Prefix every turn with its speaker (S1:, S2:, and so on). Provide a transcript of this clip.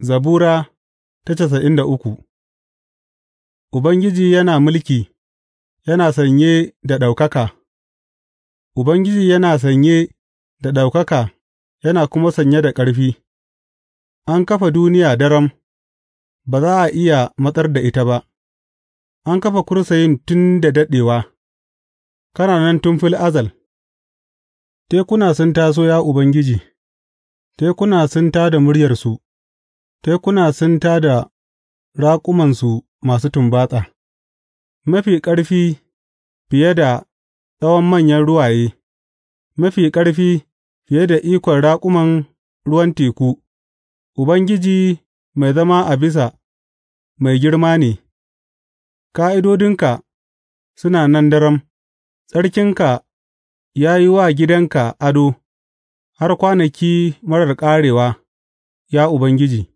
S1: Zabura ta casa'in da uku Ubangiji yana mulki, yana sanye da ɗaukaka; Ubangiji yana sanye da ɗaukaka yana kuma sanye da ƙarfi, an kafa duniya daram, ba za a iya matsar da ita ba, an kafa yin tun da daɗewa, kana nan tun fil azal, tekuna sun taso, ya Ubangiji, tekuna sun tā da muryarsu. tekuna sun tā da raƙumansu masu tumbatsa, mafi ƙarfi fiye da tsawon manyan ruwaye, mafi ƙarfi fiye da ikon raƙuman ruwan teku, Ubangiji mai zama a bisa, mai girma ne, ƙa'idodinka suna nan daram, tsarkinka ya yi wa gidanka ado har kwanaki marar ƙarewa, ya
S2: Ubangiji.